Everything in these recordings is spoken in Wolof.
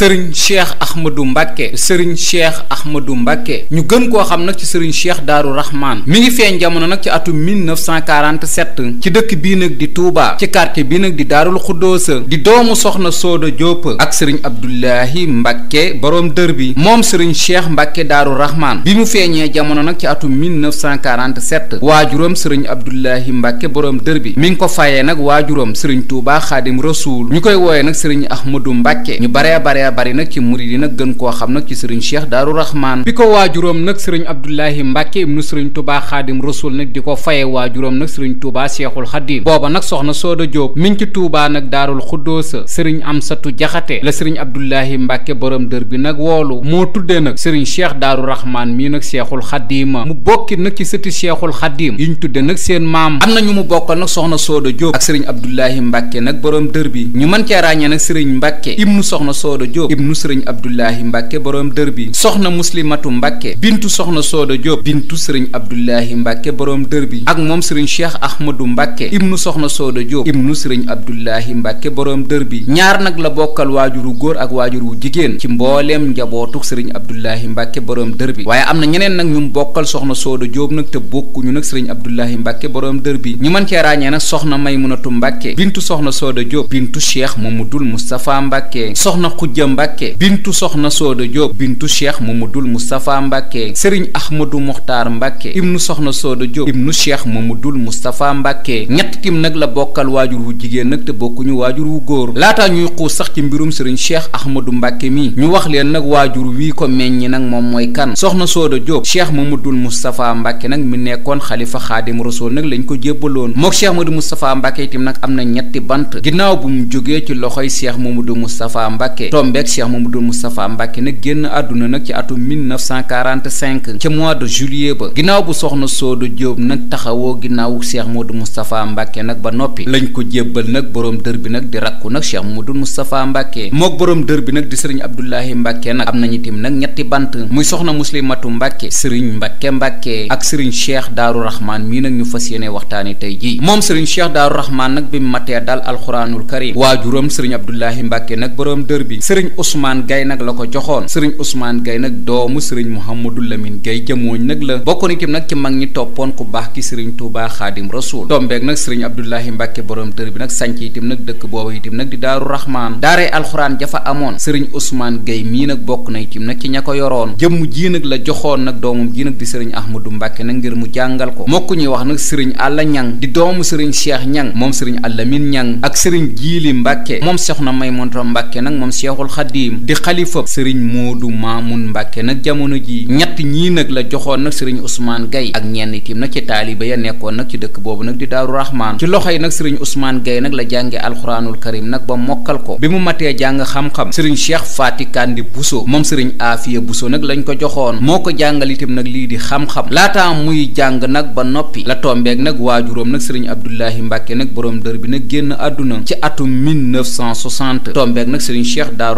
sëriñ cheikh ahmadou mbàkke sëriñ cheikh ahmadou mbàkke ñu gën koo xam nag ci sëriñ cheikh daaru rahman mi ngi feeñ jamono nag ci atum 1947 ci dëkk bii nag di Touba ci quartier bi nag di daarul xuddoosa di doomu soxna sooda Diop ak sëriñ abdoulahi mbàkke boroom dër bi moom sëriñ cheikh mbàkke daaru rahman bi mu feeñee jamono nag ci atum 1947 waajuram sëriñ abdoulahi mbàkke boroom dër bi mi ngi ko fayee nag waajuram sëriñ Touba xaadim rasuul ñu koy wooyee nag sëriñ ahmadou mbàkke ñu bare bare bare bari nag ci murid yi nag gën koo xam nag ci sëriñ cheikh daaru rahmaan bi ko waajuróom nag sëriñ abdoulahi mbàkke ibnu sëriñ tubaa xaadim rasul nag di ko faye waajuróom nag sëriñ tubaa cheikhul xadim booba nag soxna sooda jóob mi ngi ci tuubaa nag daarul xuddoosa sëriñ amsatu jaxate la sëriñ abdoulahi mbàkke borom dër bi nag woolu moo tuddee nag sëriñ cheikh daaru rahmaan mii nag cheikhul xadima mu bokkit nag ci sëti cheikhul xadim yi ñu tudde nag seen maam am na mu bokkal nag soxna sooda jóob ak sëriñ abdoulahi mbàkke nag borom dër bi ñu mën cee ràññee nag sëriñ mbàkke ibnu soxna sooda Diop ibnu sëriñ Abdullahi Mbacke borom dër bi soxna muslimatu Mbacke bintu soxna Sooda Diop bintu sëriñ Abdullahi Mbacke borom dër bi ak moom sëriñ Cheikh Ahmadou Mbacke ibnu soxna Sooda Diop ibnu sëriñ Abdullahi Mbacke borom dër bi ñaar nag la bokkal waajuru góor ak waajur wu jigéen ci mbooleem njabootuk sëriñ Abdullahi Mbacke borom dër bi waaye am na ñeneen nag ñu bokkal soxna Sooda Diop nag te bokkuñu nag sëriñ Abdullahi Mbacke borom dër bi ñu mën cee ràññee nag soxna Maymunatu Mbacke bintu soxna Sooda Diop bintu Cheikh Mamadul Moustapha Mbacke soxna Khadija Mbacke bintu soxna Sooda Diop bintu cheikh Mamadul Moustapha Mbacke sëriñ Ahmadou Mokhtar Mbacke ibnu soxna Sooda Diop ibnu cheikh Mamadul Moustapha Mbacke ñett tim nag la bokkal waajur wu jigéen nag te bokkuñu waajur wu góor laataa ñuy xuus sax ci mbirum sëriñ cheikh Ahmadou Mbacke mi ñu wax leen nag waajur wii ko meññi nag moom mooy kan soxna Sooda Diop cheikh Mamadul Moustapha Mbacke nag mi nekkoon xalifa xaadim rasul nag lañ ko jébbaloon mook cheikh Mamadou Moustapha Mbacke itam nag am na ñetti bant ginnaaw bu mu jógee ci loxoy cheikh Mamadou Moustapha Mbacke tombeek Cheikh Mamadou Moustapha Mbacke nag génn àdduna nag ci atum 1945 ca mois de juillet ba ginnaaw bu soxna Soodo Diop nag taxawoo ginnaaw Cheikh Mamadou Moustapha Mbacke nag ba noppi lañ ko jébbal nag borom dër bi nag di rakku nag Cheikh Mamadou Moustapha Mbacke mook borom dër bi nag di sëriñ Abdoulahi Mbacke nag am nañu tim nag ñetti bant muy soxna Muslimatu Mbacke sëriñ Mbacke Mbacke ak sëriñ Cheikh Daaru Rahman mii nag ñu fas yéene waxtaane tey jii moom sëriñ Cheikh Daaru Rahman nag bi mu matee daal alxuraanul karim waajuram sëriñ Abdoulahi Mbacke nag borom dër bi sëriñ Ousmane Gaye nag la ko joxoon sëriñ Ousmane Gaye nag doomu sëriñ Mouhamadou Lamine Gaye jëmooñ nag la bokkoon itam nag ci mag ñi toppoon ku baax ki sëriñ Touba Xaadim Rasuul tombeeg nag sëriñ Abdoulahi Mbàkke borom dër bi nag sànc itam nag dëkk boobu itam nag di Daaru Raxmaan daaree alxuraan jafa amoon sëriñ Ousmane Gaye mii nag bokk na itam nag ci ña ko yoroon jëmm ji nag la joxoon nag doomam ji nag di sëriñ Ahmadou Mbàkke nag ngir mu jàngal ko mokk ñuy wax nag sëriñ Alla Ñang di doomu sëriñ Cheikh Ñang moom sëriñ Alamin Ñang ak sëriñ Jiili Mbàkke moom Soxna Maymunta Mbàkke nag moom Seexul xaddiim di xalifa sëriñ Moodu Maamun Mbàkke nag jamono ji ñett ñii nag la joxoon nag sëriñ Ousmane gay ak ñenn itim nag ci yi ya nekkoon nag ci dëkk boobu nag di Daaru Rahmaan ci loxo yi nag sëriñ Ousmane Gaye nag la jànge alxuraanul karim nag ba mokkal ko bi mu matee jàng xam-xam sëriñ Cheikh Faati Kandi Buso moom sëriñ Aafiya Buso nag lañ ko joxoon moo ko jàngal itam nag lii di xam-xam laataa muy jàng nag ba noppi la tombeek nag waajuróom nag sëriñ Abdullahi Mbàkke nag borom dër bi nag génn àdduna ci atum 1960 tombeek nag sëriñ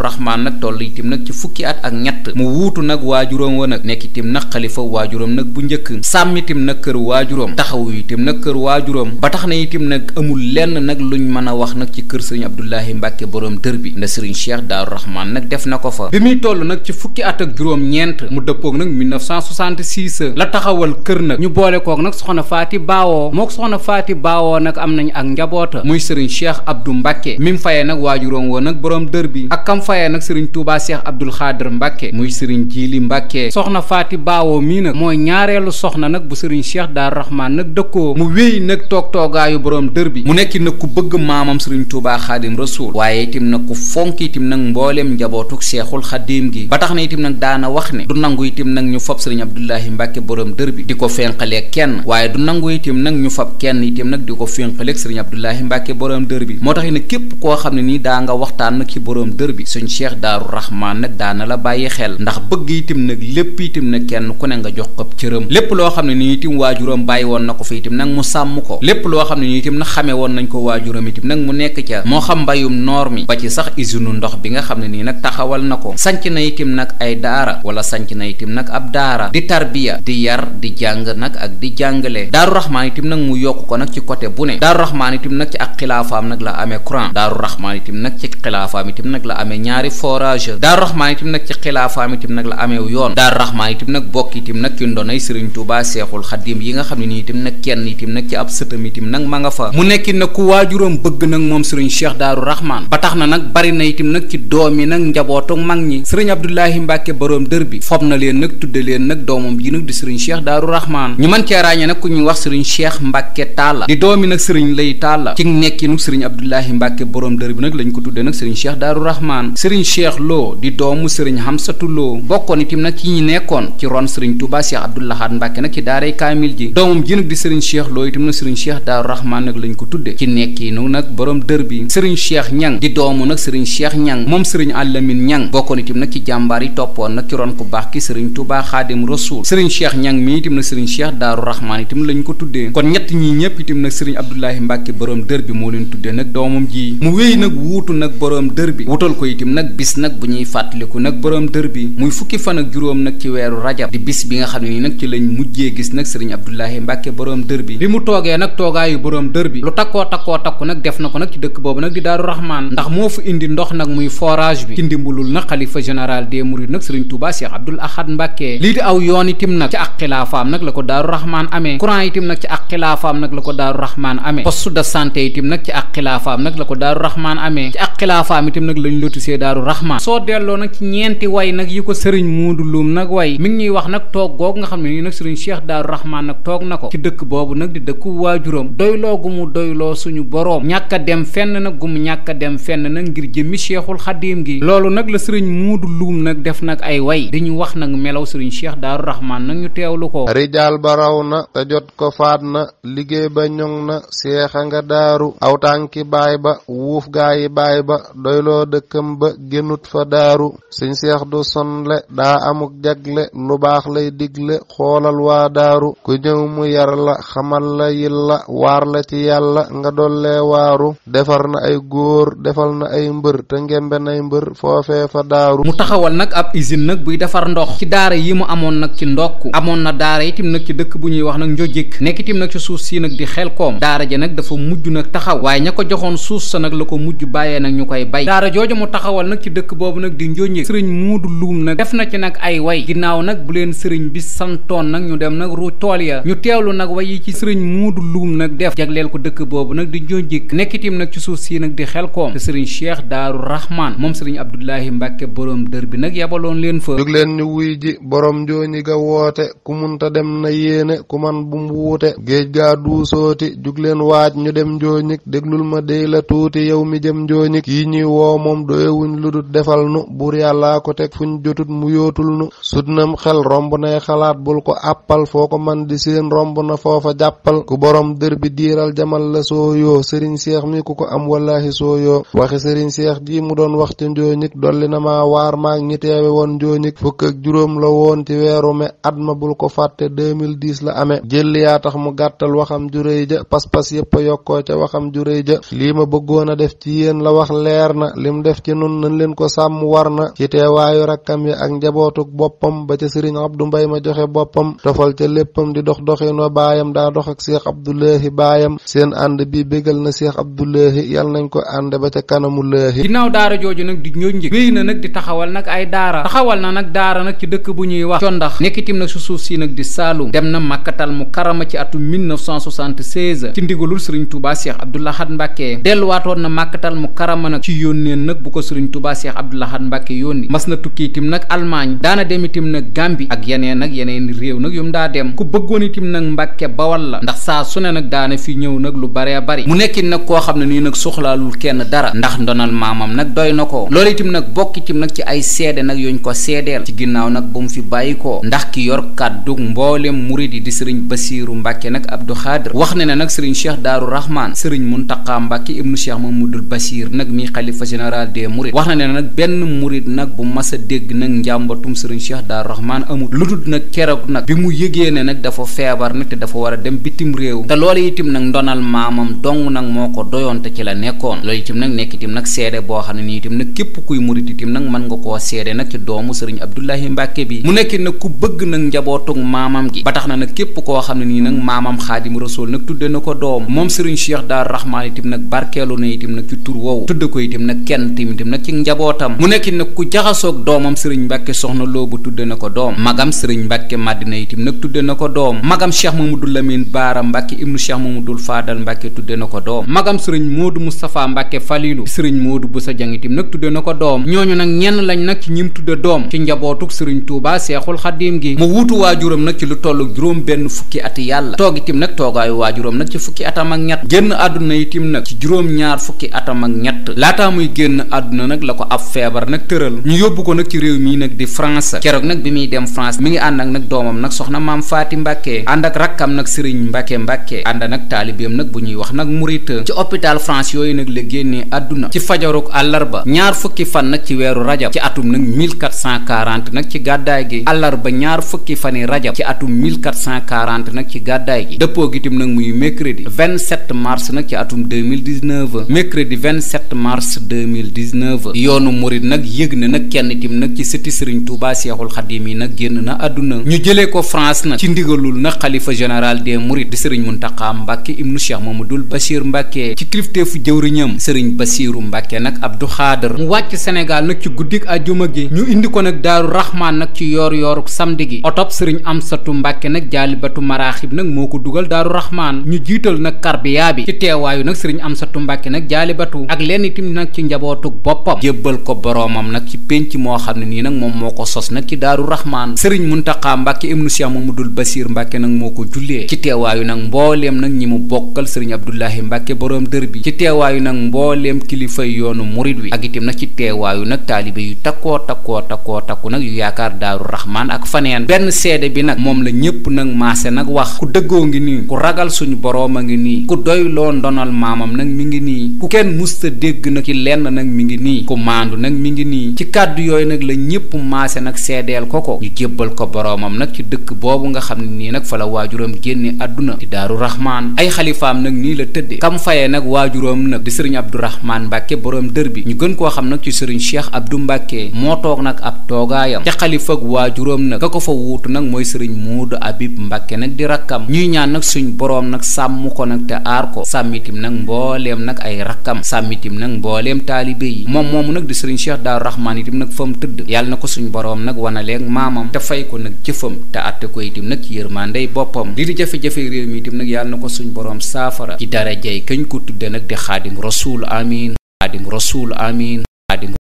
abdourahman nag toll itim nag ci fukki at ak ñett mu wuutu nag waajuróom wa nag nekk itim nag xalifa waajuróom nag bu njëkk sàmm itim nag kër waajuróom taxawu itim nag kër waajuróom ba tax na itim nag amul lenn nag luñ mën a wax nag ci kër sëriñ abdoulahi mbàkke borom dër bi nda sëriñ cheikh daaru rahman nag def na ko fa bi muy toll nag ci fukki at ak juróom ñeent mu dëppoog nag 1966 la taxawal kër nag ñu boole koog nag soxna faati baawoo moo soxna faati baawoo nag am nañu ak njaboota muy sëriñ cheikh abdou mbàkke mi mu fayee nag waajuróom wa nag borom waaye nag sëriñ Touba Cheikh Abdoul Khader Mbacke muy sëriñ Jili Mbacke soxna Faati Baawoo mii nag mooy ñaareelu soxna nag bu sëriñ Cheikh Daar Rahman nag dëkkoo mu wéy nag toog toogaayu borom dër bi mu nekki nag ku bëgg maamam sëriñ Touba Xaadim Rasuul waaye itam nag ku fonk itam nag mbooleem njabootug Seexul Xaadim gi ba tax na itam nag daana wax ne du nangu itam nag ñu fab sëriñ Abdoulahi Mbacke borom dër bi di ko fénqaleeg kenn waaye du nangu itam nag ñu fab kenn itam nag di ko fénqaleeg sëriñ Abdoulahi Mbacke borom dër bi moo tax nag képp koo xam ne nii daa nga waxtaan nag ci borom dër bi suñ cheikh daaru rahmaan nag daana la bàyyi xel ndax bëgg itam nag lépp itam nag kenn ku ne nga jox ko cëram lépp loo xam ne nii itam waajuram bàyyi woon na ko fi itam nag mu sàmm ko lépp loo xam ne nii itam nag xamee woon nañ ko waajuram itam nag mu nekk ca moo xam mbayum noor mi ba ci sax usine ndox bi nga xam ne nii nag taxawal na ko sanc na itam nag ay daara wala sanc na itam nag ab daara di tarbiya di yar di jàng nag ak di jàngale daaru rahmaan itam nag mu yokk ko nag ci côté bu ne daaru rahmaan itam nag ci ak xilaafaam nag la amee Quran daaru ñaari forage Daaru Raxmaan itam nag ci xilaafaam itam nag la ameew yoon Daaru Raxmaan itam nag bokk itam nag ci ndonay Sëriñ Tuubaa Seexul Xadiim yi nga xam ne nii itam nag kenn itam nag ci ab sëtam itam nag ma nga fa mu nekkin nag ku waajuram bëgg nag moom Sëriñ Cheikh Daaru Raxmaan ba tax na nag bari na itam nag ci doom yi nag njabootu mag ñi Sëriñ Abdoulahi Mbàkke boroom dër bi fob na leen nag tudde leen nag doomam yi nag di Sëriñ Cheikh Daaru Raxmaan ñu mën cee ràññee nag ku ñuy wax Sëriñ Cheikh Mbàkke Taala di doomi nag Sëriñ Lay Taala ci nekkinu Sëriñ Abdoulahi Mbàkke boroom dër bi nag lañ ko tudde nag Sëriñ naan sëriñ cheikh loo di doomu sëriñ xamsatu loo bokkoon itam nag ci ñi nekkoon ci ron sëriñ touba cheikh abdoulahaat mbàkke nag ci daaray kaamil ji doomam ji nag di sëriñ cheikh loo itam nag sëriñ cheikh daaru nag lañ ko tudde ci nekkiinu nag borom dër bi sëriñ cheikh ñang doomu nag sëriñ cheikh ñang moom sëriñ àllamin ñan bokkoon itam nag ci jàmbaar yi toppoon nag ci ron ku baax ki sëriñ touba xaadim rasul sëriñ cheikh ñang mii itam nag sëriñ cheikh daaru rahmaan itam lañ ko tuddee kon ñett ñi ñëpp itam nag sëriñ abdoulahi mbàkke borom dër bi moo leen tuddee nag doomam ji mu wéy nag wuutu nag borom dër bi wutal ko gim nag bis nag bi muy fukki fan ak juróom nag ci weeru rajab di bis bi nga xam ne ni nag ci lañ mujjee gis nag sëriñ Abdoulahi Mbàkke borom dër bi bi mu toogee nag toogaayu borom dër bi di daaru raxmaan ndax moo fi indi ndox nag muy forage bi ci ndimbalul nag xalifa général des mourides nag sëriñ Touba Cheikh Abdoul Ahad Mbàkke lii di aw yoon itim nag ci ak xilaafaam nag la ko daaru raxmaan amee courant itim nag ci ak xilaafaam nag la ko daaru raxmaan amee poste de santé itim nag ci ak xilaafaam nag la ko daaru raxmaan amee ci ak xilaafaam itim nag lañ lotisi lycée Daaru Rahman soo delloo nag ci ñeenti way nag yi ko sëriñ Muudu Luum nag way mi ngi ñuy wax nag toog googu nga xam ne nii nag sëriñ Cheikh Daaru Rahman nag toog na ko ci dëkk boobu nag di dëkku waajuram doyloo gu mu doyloo suñu boroom ñàkk dem fenn nag gu mu ñàkk dem fenn nag ngir jëmmi Cheikhul Xadim gi loolu nag la sëriñ Muudu Luum nag def nag ay way di ñu wax nag melaw sëriñ Cheikh Daaru Rahman nag ñu teewlu ko rijaal ba raw na te jot ko faat na liggéey ba ñoŋ na seexa nga daaru aw tànki ba ba génnut fa daaru sëñ seex du sonle daa amuk jagle lu baax lay digle xoolal waa daaru ku ñëw mu yar la xamal la yilla waar la ci yàlla nga dollee waaru defar na ay góor defal na ay mbër te ngembe nay mbër foofee fa daaru mu taxawal nag ab usine nag buy defar ndox ci daara yi mu amoon nag ci ndokk amoon na daara itim nag ci dëkk bu ñuy wax nag njojik nekk itim nag ci suuf sii nag di xel koom daara ji nag dafa mujj nag taxaw waaye ña ko joxoon suuf sa nag la ko mujj bàyyee nag ñu koy taxawal nag ci dëkk boobu nag di njoññe sëriñ muudu luum nag def na ci nag ay way ginnaaw nag bu leen sëriñ bi santoon nag ñu dem nag ru tool ya ñu teewlu nag way yi ci sëriñ muudu luum nag def jagleel ko dëkk boobu nag di njoñjik nekkitim nag ci suuf si nag di xel koom te sëriñ cheikh daaru rahman moom sëriñ abdoulahi mbàkke borom dër bi nag yabaloon leen fa jóg leen ñu wuy ji borom njooñi ga woote ku munta dem na yéene ku man bu mbuute géej gaa duusooti jóg leen waaj ñu dem njooñik déglul ma déy la tuuti yow mi jëm njooñik yi ñuy woo moom doyewu wuñ ludut defal nu buur yàllaa ko teg fuñ jotut mu yootul nu sutnam xel romb nay xalaat bul ko àppal foo ko man di seen romb na foofa jàppal borom dër bi diiral jamal la sooyoo sëriñ seex mi ko am wallahi sooyoo waxi sëriñ seex ji mu doon wax ci njooñik na ma waar maag ñi teewe woon njooñik fukk ak juróom la woon ci weeru me at ma bul ko fàtte 2010 la ame jël yaa tax mu gàttal waxam juréy ja pas-pas yépp a yokkoo ca waxam juréy ja lii ma bëggoon a def ci yéen la wax leer na lim def ci nun noonu nañ leen ko sàmm war ci teewaayu rakkam yi ak njabootuk boppam ba ca sëriñ Abdu Mbay ma joxe boppam tofal ca léppam di dox doxinu baayam daa dox ak Seex Abdulaahi baayam seen ànd bi bégal na Seex Abdulaahi yal nañ ko ànd ba ca kanamu laahi ginnaaw daara jooju nag di ñoo njëg na nag di taxawal nag ay daara taxawal na nag daara nag ci dëkk bu ñuy wax condax nekkitim nag su suuf si nag di Saalum dem na màkkatal mu karama ci atum 1976 ci ndigalul sëriñ Tuubaa Seex Abdul Ahad Mbàkke delluwaatoon sëriñ Touba Cheikh Abdoul Ahad Mbacke yónni mas na tukki itam nag Allemagne daana dem itam nag Gambie ak yeneen ak yeneen réew nag daa dem ku bëggoon itam nag Mbacke bawal la ndax saa su ne nag daana fi ñëw nag lu baree bari mu nekkin nag koo xam ne nii nag soxlaalul kenn dara ndax ndonal maamam nag doy na ko loolu itam nag bokk itam nag ci ay seede nag yuñ ko seedeel ci ginnaaw nag bu mu fi bàyyi ko ndax ki yor kàddu mboolem murid yi di sëriñ Basiiru Mbacke nag Abdou Khadre wax ne ne nag sëriñ Cheikh Daaru Rahman sëriñ Muntaqa Mbacke ibnu Cheikh Mamadou Basir nag mi xalifa général des murit wax na ne nag benn murit nag bu mas a dégg nag njàmbatum sëriñ Cheikh Daar Rahman amul lu dul nag keroog nag bi mu yëgee ne nag dafa feebar nag te dafa war a dem bitim réew te loolu itam nag ndonal maamam dong nag moo ko doyoon ci la nekkoon loolu itam nag nekk itam nag seede boo xam ne nii itam nag képp kuy murit itam nag mën nga koo seede nag ci doomu sëriñ Abdoulahi Mbàkke bi mu nekk nag ku bëgg nag njabootug maamam gi ba tax na nag képp koo xam ne nii nag maamam xaadim rasool nag tudde na ko doom moom sëriñ Cheikh Daar Rahman itam nag barkeelu nag ci tur woowu tudde ko itam nag kenn tim nag ci njabootam mu nekk nag ku jaxasoog doomam sëriñ mbàkke soxna loobu tudde na ko doom magam sëriñ mbàkke madina itim nag tudde na ko doom magam cheikh mamadul lamin baara mbàkke ibnu cheikh mamadul faadal mbàkke tudde na ko doom magam sëriñ moodu moustapha mbàkke falilu sëriñ moodu bu sa jang nag tudde na ko doom ñooñu nag ñenn lañ nag ci ñim tudde doom ci njabootuk sëriñ tuuba seexul xadim gi mu wuutu waajuram nag ci lu toll juróom benn fukki at yàlla toog itim nag toogaayu waajuram nag ci fukki atam ak ñett génn àdduna itim nag ci juróom ñaar fukki atam ak ñett laataa muy génn àdduna àdduna nag la ko ab feebar nag tëral ñu yóbbu ko nag ci réew mii nag di France keroog nag bi muy dem France mi ngi ànd ak nag doomam nag soxna maam Faati Mbàkke ànd ak rakkam nag sëriñ Mbàkke Mbàkke ànd nag taalibeem nag bu ñuy wax nag murita ci hôpital France yooyu nag la génnee àdduna ci fajaruk àllarba ñaar fukki fan nag ci weeru rajab ci atum nag 1440 nag ci gàddaay gi àllarba ñaar fukki fani rajab ci atum 1440 nag ci gàddaay gi dëppoo gitim nag muy mercredi 27 mars nag ci atum 2019 2019 yoonu murit nag yëg na nag kenn tim nag ci sëti sëriñ Touba Seexul Xadim yi nag génn na àdduna ñu jëlee ko France nag ci ndigalul nag xalifa général des mourides di sëriñ Muntaxa Mbàkke ibnu Cheikh Mamadul Bachir Mbàkke ci kilifteefu jëwriñam sëriñ Basiiru Mbàkke nag Abdu Xaadar mu wàcc Sénégal nag ci guddik ajuma gi ñu indi ko nag Daaru Raxmaan nag ci yoor yooruk samedi gi otop sëriñ Amsatu Mbàkke nag jaalibatu maraaxib nag moo ko dugal Daaru Raxmaan ñu jiital nag karbiyaa boppam jébbal ko boroomam nag ci pénc moo xam ne nii nag moom moo ko sos nag ci daaru raxmaan sëriñ muntaxa mbàkke ibnu cheikh mamadul basir mbàkke nag moo ko jullee ci teewaayu nag mbooleem nag ñi mu bokkal sëriñ abdoulahi mbàkke boroom dër bi ci teewaayu nag mbooleem kilifa yoonu murit wi ak itam nag ci teewaayu nag taalibe yu takkoo takkoo takkoo takku nag yu yaakaar daaru raxmaan ak faneen benn seede bi nag moom la ñépp nag maase nag wax ku dëggoo ngi nii ku ragal suñu boroom a ngi nii ku doyloo ndonal maamam nag mi nag mi ngi nii mii ku maandu nag mi ngi nii ci kàddu yooyu nag la ñëpp maase nag seedeel ko ko ñu jébbal ko boroomam nag ci dëkk boobu nga xam ne nii nag fa la waajuram génne àdduna di daaru raxmaan ay xalifaam nag nii la tëddee kam fayee nag waajuram nag di sëriñ abdourahmaan mbàkke boroom dër bi ñu gën koo xam nag ci sëriñ cheikh abdou mbàkke moo toog nag ab toogaayam ca xalifak waajuram nag ka ko fa wuutu nag mooy sëriñ muudu abib mbàkke nag di rakkam ñuy ñaan nag suñ boroom nag sàmm ko nag te aar ko sàmmitim nag mbooleem nag ay moom moomu nag di sëriñ cheikh daaru rahmaan itam nag fa tëdd yàlla na ko suñ boroom nag wanaleeg maamam te fay ko nag jëfam te àtte ko itam nag ci yërmandey boppam lii di jafe-jafe réew mi itam nag yàlla na ko suñ boroom saafara ci darajey kañ ko tudde nag di xaadim rasul amin xaadim rasul amin xaadim